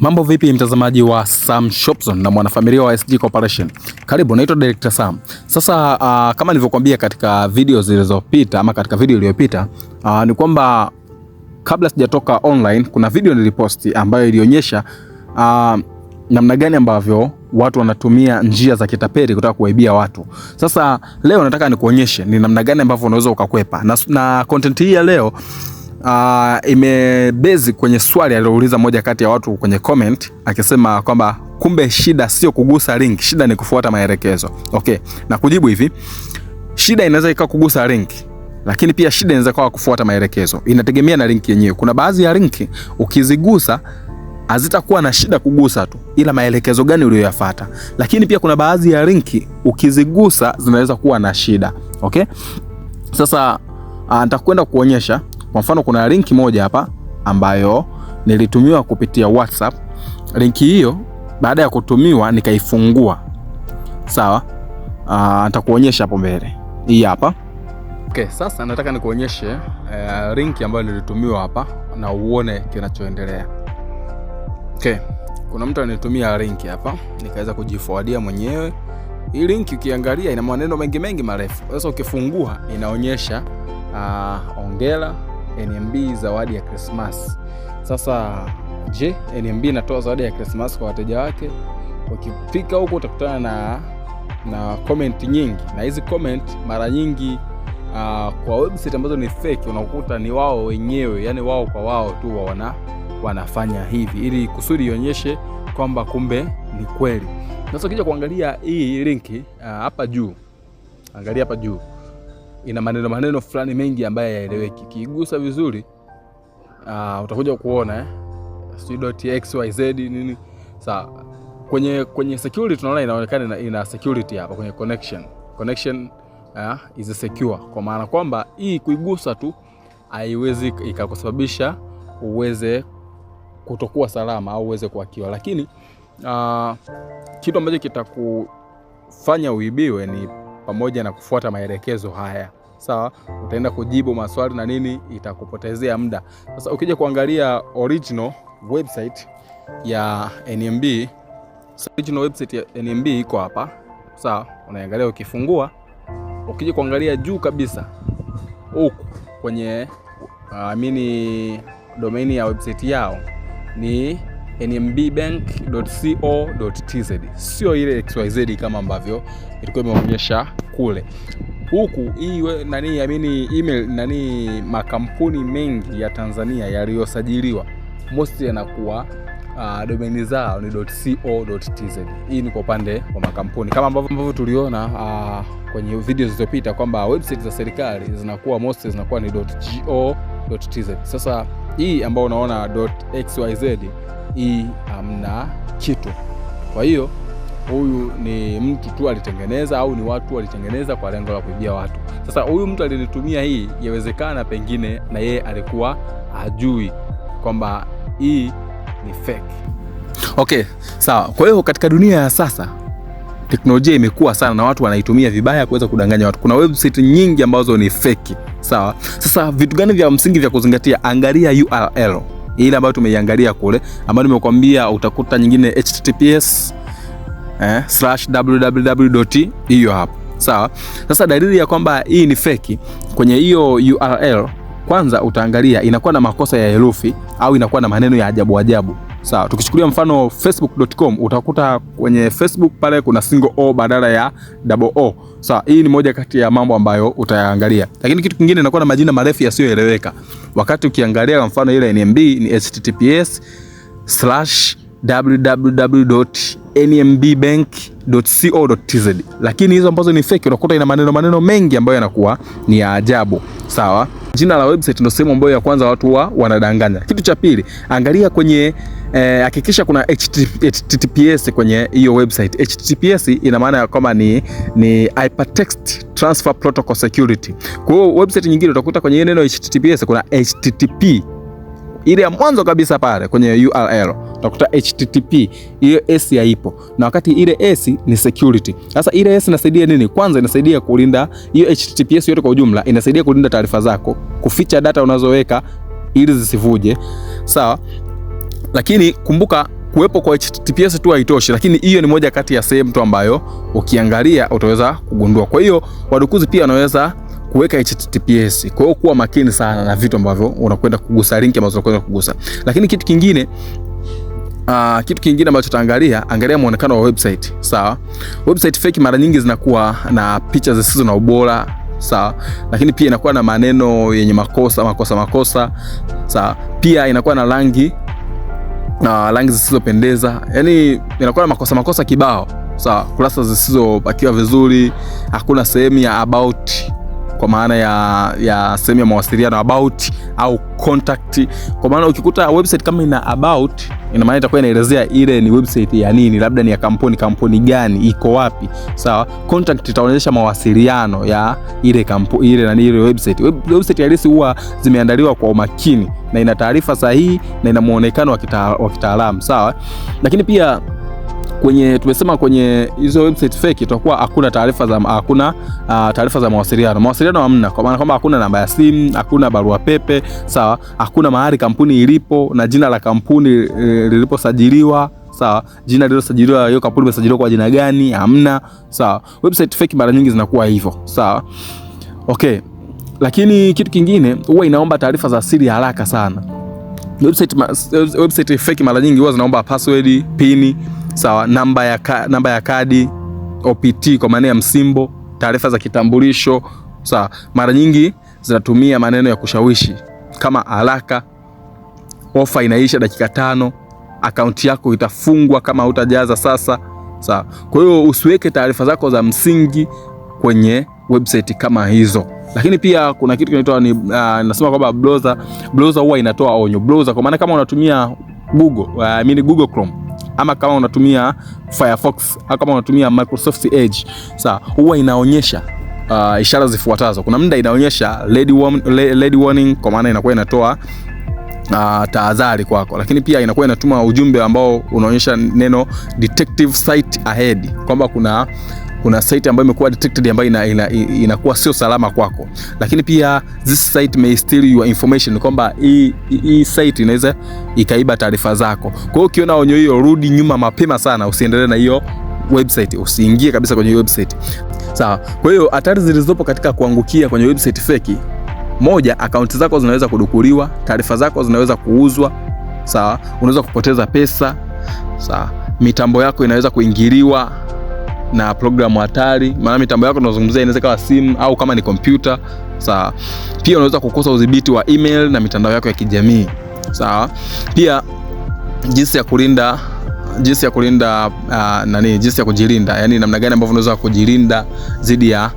Mambo vipi mtazamaji wa Sam Shopson na mwanafamilia wa SG Corporation. Karibu, naitwa Director Sam. Sasa uh, kama nilivyokuambia katika video zilizopita ama katika video iliyopita uh, ni kwamba kabla sijatoka online kuna video niliposti ambayo ilionyesha uh, namna gani ambavyo watu wanatumia njia za kitapeli kutaka kuwaibia watu. Sasa leo nataka nikuonyeshe ni namna gani ambavyo unaweza ukakwepa na, na content hii ya leo uh, ah, imebezi kwenye swali aliouliza moja kati ya watu kwenye comment akisema kwamba kumbe shida sio kugusa link, shida ni kufuata maelekezo. Okay, na kujibu hivi, shida inaweza ikawa kugusa link lakini pia shida inaweza kuwa kufuata maelekezo, inategemea na linki yenyewe. Kuna baadhi ya linki ukizigusa hazitakuwa na shida kugusa tu, ila maelekezo gani uliyoyafuata. Lakini pia kuna baadhi ya linki ukizigusa zinaweza kuwa na shida okay. Sasa ah, nitakwenda kuonyesha kwa mfano kuna linki moja hapa ambayo nilitumiwa kupitia WhatsApp. Linki hiyo baada ya kutumiwa nikaifungua, sawa. Ah, nitakuonyesha hapo mbele, hii hapa okay. Sasa nataka nikuonyeshe uh, linki ambayo nilitumiwa hapa na uone kinachoendelea okay. Kuna mtu anitumia linki hapa, nikaweza kujifuadia mwenyewe hii linki. Ukiangalia ina maneno mengi mengi marefu. Sasa ukifungua inaonyesha uh, ongela NMB zawadi ya krismas Sasa je, NMB inatoa zawadi ya krismas kwa wateja wake? Ukifika huko utakutana na na comment nyingi, na hizi comment mara nyingi uh, kwa website ambazo ni fake unakuta ni wao wenyewe, yani wao kwa wao tu wana wanafanya hivi ili kusudi ionyeshe kwamba kumbe ni kweli. Sasa ukija kuangalia hii linki ah, hapa uh, juu, angalia hapa juu ina maneno maneno fulani mengi ambayo hayaeleweki. Kiigusa vizuri uh, utakuja kuona eh? .xyz nini sawa. Kwenye, kwenye security tunaona inaonekana ina security hapa kwenye connection connection uh, is secure, kwa maana kwamba hii kuigusa tu haiwezi ikakusababisha uweze kutokuwa salama au uweze kuakiwa lakini uh, kitu ambacho kitakufanya uibiwe ni pamoja na kufuata maelekezo haya sawa, utaenda kujibu maswali na nini, itakupotezea muda. Sasa ukija kuangalia original website ya NMB, original website ya NMB iko hapa sawa, unaangalia ukifungua, ukija kuangalia juu kabisa huku kwenye amini uh, ya website yao ni nmbbank.co.tz, sio ile XYZ kama ambavyo ilikuwa imeonyesha kule. Huku hii nani amini email nani, makampuni mengi ya Tanzania yaliyosajiliwa most yanakuwa Uh, domeni zao ni .co.tz. Hii ni kwa upande wa makampuni kama ambavyo tuliona uh, kwenye video zilizopita kwamba website za serikali zinakuwa most zinakuwa ni .go.tz. Sasa hii ambayo unaona .xyz hii hamna kitu. Kwa hiyo huyu ni mtu tu alitengeneza, au ni watu walitengeneza kwa lengo la kuibia watu. Sasa huyu mtu alilitumia hii, yawezekana pengine na yeye alikuwa ajui kwamba hii ni fake. Okay, sawa. Kwa hiyo katika dunia ya sasa teknolojia imekuwa sana na watu wanaitumia vibaya kuweza kudanganya watu. Kuna website nyingi ambazo ni fake. sawa. Sasa vitu gani vya msingi vya kuzingatia? Angalia URL ile ambayo tumeiangalia kule ambayo nimekuambia utakuta nyingine https eh, slash www hiyo hapo sawa. Sasa dalili ya kwamba hii ni feki kwenye hiyo URL, kwanza utaangalia inakuwa na makosa ya herufi au inakuwa na maneno ya ajabu ajabu Sawa, tukichukulia mfano facebook.com utakuta kwenye Facebook pale kuna single o badala ya double o. Sawa, hii ni moja kati ya mambo ambayo utayaangalia. Lakini kitu kingine inakuwa na majina marefu yasiyoeleweka. Wakati ukiangalia kwa mfano ile NMB ni https www.nmbbank.co.tz, lakini hizo ambazo ni fake unakuta ina maneno maneno mengi ambayo yanakuwa ni ya ajabu. Sawa, jina la website ndio sehemu ambayo ya kwanza watu wa wanadanganya. Kitu cha pili, angalia kwenye Eh, hakikisha eh, kuna HTTPS kwenye hiyo website. HTTPS ina maana kwamba ni, ni hypertext transfer protocol security. Kwa hiyo website nyingine utakuta kwenye neno HTTPS kuna http ile ya mwanzo kabisa pale kwenye URL utakuta http, hiyo s haipo, na wakati ile s ni security. Sasa ile s inasaidia nini? Kwanza inasaidia kulinda hiyo https yote kwa ujumla, inasaidia kulinda taarifa zako, kuficha data unazoweka ili zisivuje, sawa. Lakini kumbuka kuwepo kwa HTTPS tu haitoshi, lakini hiyo ni moja kati ya sehemu tu ambayo ukiangalia utaweza kugundua. Kwa hiyo wadukuzi pia wanaweza kuweka HTTPS. Kwa hiyo kuwa makini sana na vitu ambavyo unakwenda kugusa, linki ambazo unakwenda kugusa. Lakini kitu kingine Uh, kitu kingine ambacho tutaangalia, angalia muonekano wa website sawa. Website fake mara nyingi zinakuwa na picha zisizo na ubora sawa, lakini pia inakuwa na maneno yenye makosa makosa makosa sawa, pia inakuwa na rangi na rangi zisizopendeza, yani inakuwa na makosa makosa kibao. Sawa, kurasa zisizopakiwa vizuri, hakuna sehemu ya about kwa maana ya, ya sehemu ya mawasiliano about au contact. Kwa maana ukikuta website kama ina about, ina maana itakuwa inaelezea ile ni website ya nini, labda ni ya kampuni, kampuni gani iko wapi, sawa. Contact itaonyesha mawasiliano ya ile kampuni, ile na ile website. Web, website halisi huwa zimeandaliwa kwa umakini na ina taarifa sahihi na ina muonekano wa kitaalamu, sawa, lakini pia kwenye tumesema kwenye hizo website fake itakuwa hakuna taarifa za hakuna ah, taarifa za mawasiliano. Mawasiliano hamna, kwa maana kwamba hakuna namba ya simu, hakuna barua pepe, sawa, hakuna mahali kampuni ilipo na jina la kampuni eh, liliposajiliwa sawa, jina lililosajiliwa, hiyo kampuni imesajiliwa kwa jina gani? Hamna, sawa. Website fake mara nyingi zinakuwa hivyo, sawa, okay. Lakini kitu kingine huwa inaomba taarifa za siri haraka sana website, website fake mara nyingi huwa zinaomba password, pini, sawa, namba ya, ka, namba ya kadi OPT kwa maana ya msimbo, taarifa za kitambulisho, sawa. Mara nyingi zinatumia maneno ya kushawishi kama haraka, ofa inaisha dakika tano, akaunti yako itafungwa kama hutajaza sasa, sawa. Kwa hiyo usiweke taarifa zako za msingi kwenye website kama hizo. Lakini pia kuna kitu kinaitwa ni uh, nasema kwamba browser browser huwa inatoa onyo browser, kwa maana kama unatumia Google uh, I mean Google Chrome ama kama unatumia Firefox au kama unatumia Microsoft Edge, sawa, huwa inaonyesha uh, ishara zifuatazo. Kuna muda inaonyesha red warning, red warning kwa maana inakuwa inatoa Uh, tahadhari kwako, lakini pia inakuwa inatuma ujumbe ambao unaonyesha neno detective site ahead kwamba kuna kuna site ambayo imekuwa detected ambayo ina, ina, inakuwa sio salama kwako, lakini pia this site may steal your information, kwamba hii site inaweza ikaiba taarifa zako. Kwa hiyo ukiona onyo hiyo, rudi nyuma mapema sana, usiendelee na hiyo website, usiingie kabisa kwenye website. Sawa. Kwa hiyo hatari zilizopo katika kuangukia kwenye website feki, moja, akaunti zako zinaweza kudukuliwa, taarifa zako zinaweza kuuzwa. Sawa, unaweza kupoteza pesa. Sawa, mitambo yako inaweza kuingiliwa na programu hatari, maana mitambo yako tunazungumzia inaweza kawa simu au kama ni kompyuta sawa. Pia unaweza kukosa udhibiti wa email na mitandao yako ya kijamii sawa. Pia jinsi ya kulinda jinsi ya kulinda uh, nani, jinsi ya kujilinda, yani namna gani ambavyo unaweza kujilinda dhidi ya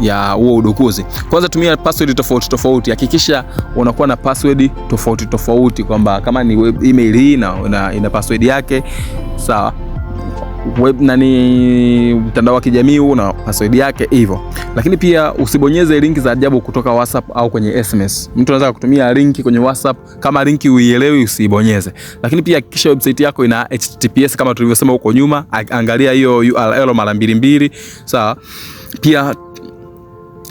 ya huo udukuzi. Kwanza tumia password tofauti tofauti, hakikisha unakuwa na password tofauti tofauti, kwamba kama ni email hii na ina, ina password yake sawa web nani mtandao wa kijamii huu na password yake hivyo. Lakini pia usibonyeze linki za ajabu kutoka WhatsApp au kwenye SMS. Mtu anaweza kutumia linki kwenye WhatsApp, kama linki uielewi usibonyeze. Lakini pia hakikisha website yako ina HTTPS kama tulivyosema huko nyuma, angalia hiyo URL mara mbili mbili, sawa. Pia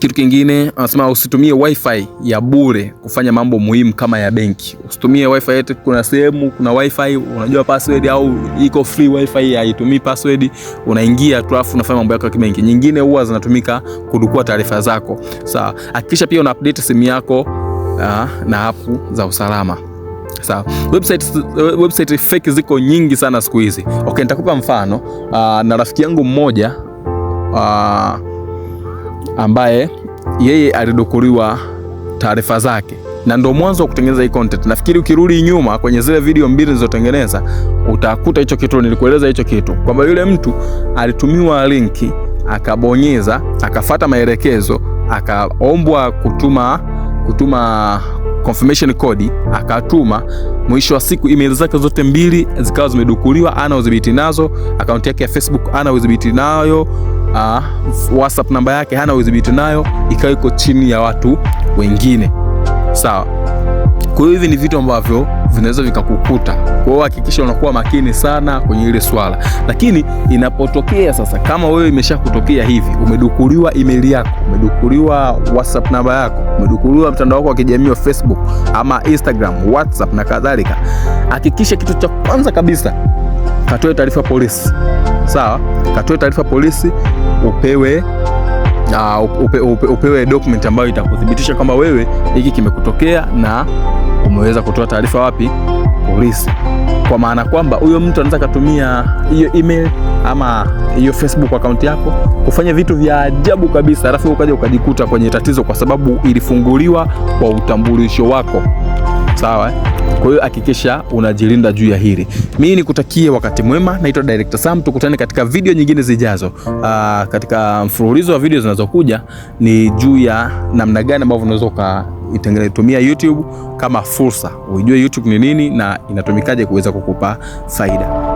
kitu kingine anasema usitumie wifi ya bure kufanya mambo muhimu kama ya benki. Usitumie wifi yetu, kuna sehemu kuna wifi unajua password au iko free wifi haitumii password, unaingia tu alafu unafanya mambo yako ya kibenki. Nyingine huwa zinatumika kudukua taarifa zako. Sawa, hakikisha pia una update simu yako ah, na app za usalama. Sawa, website, website fake ziko nyingi sana siku hizi. Okay, nitakupa mfano uh, na rafiki yangu mmoja uh, ambaye yeye alidokuliwa taarifa zake na ndo mwanzo wa kutengeneza hii content. Nafikiri ukirudi nyuma kwenye zile video mbili nilizotengeneza utakuta hicho kitu, nilikueleza hicho kitu kwamba yule mtu alitumiwa linki akabonyeza, akafata maelekezo, akaombwa kutuma kutuma confirmation code akatuma. Mwisho wa siku email zake zote mbili zikawa zimedukuliwa, ana udhibiti nazo. Akaunti yake ya Facebook ana udhibiti nayo. Uh, WhatsApp namba yake hana udhibiti nayo, ikawa iko chini ya watu wengine. Sawa. Kwa hiyo hivi ni vitu ambavyo vinaweza vikakukuta. Kwa hiyo hakikisha unakuwa makini sana kwenye ile swala. Lakini inapotokea sasa, kama wewe imeshakutokea hivi, umedukuliwa email yako, umedukuliwa WhatsApp namba yako, umedukuliwa mtandao wako wa kijamii wa Facebook ama Instagram, WhatsApp na kadhalika, hakikisha kitu cha kwanza kabisa katoe taarifa polisi. Sawa, katoe taarifa polisi, upewe Uh, upe, upe, upewe document ambayo itakuthibitisha kwamba wewe hiki kimekutokea na umeweza kutoa taarifa wapi? Polisi. Kwa maana kwamba huyo mtu anaweza akatumia hiyo email ama hiyo Facebook akaunti yako kufanya vitu vya ajabu kabisa, alafu ukaja ukajikuta kwenye tatizo, kwa sababu ilifunguliwa kwa utambulisho wako sawa eh? Kwa hiyo hakikisha unajilinda juu ya hili. Mimi nikutakie wakati mwema. Naitwa Director Sam, tukutane katika video nyingine zijazo. Aa, ah, katika mfululizo wa video zinazokuja ni juu ya namna gani ambavyo unaweza ukaitumia YouTube kama fursa, uijue YouTube ni nini na inatumikaje kuweza kukupa faida.